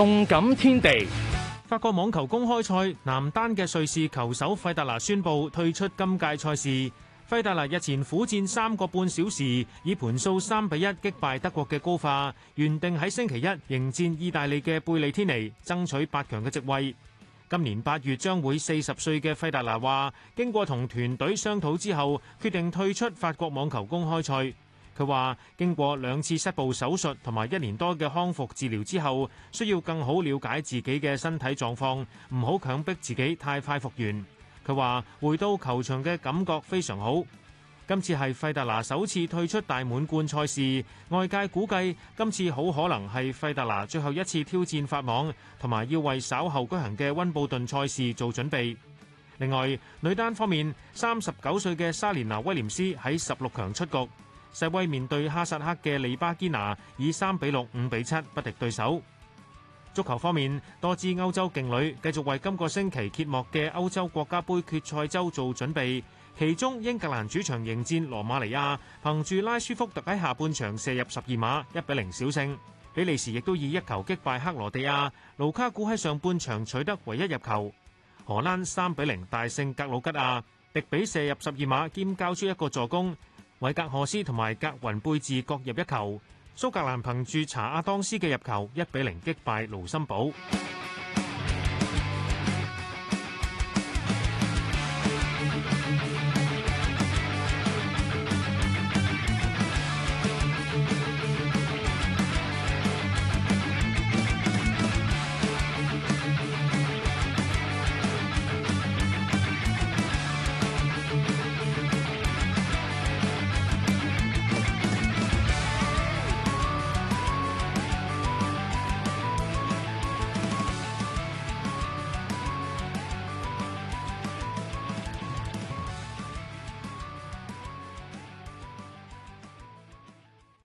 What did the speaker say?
動感天地，法國網球公開賽男單嘅瑞士球手費達拿宣布退出今屆賽事。費達拿日前苦戰三個半小時，以盤數三比一擊敗德國嘅高化，原定喺星期一迎戰意大利嘅貝利天尼，爭取八強嘅席位。今年八月將會四十歲嘅費達拿話，經過同團隊商討之後，決定退出法國網球公開賽。佢話：經過兩次膝部手術同埋一年多嘅康復治療之後，需要更好了解自己嘅身體狀況，唔好強迫自己太快復原。佢話：回到球場嘅感覺非常好。今次係費達拿首次退出大滿貫賽事，外界估計今次好可能係費達拿最後一次挑戰法網，同埋要為稍後舉行嘅溫布頓賽事做準備。另外，女單方面，三十九歲嘅莎蓮娜威廉絲喺十六強出局。細威面對哈薩克嘅利巴堅拿，以三比六、五比七不敵對手。足球方面，多支歐洲勁旅繼續為今個星期揭幕嘅歐洲國家盃決賽周做準備。其中，英格蘭主場迎戰羅馬尼亞，憑住拉舒福特喺下半場射入十二碼，一比零小勝。比利時亦都以一球擊敗克羅地亞，盧卡古喺上半場取得唯一入球。荷蘭三比零大勝格魯吉亞，迪比射入十二碼兼交出一個助攻。韋格荷斯同埋格雲貝治各入一球，蘇格蘭憑住查阿當斯嘅入球，一比零擊敗盧森堡。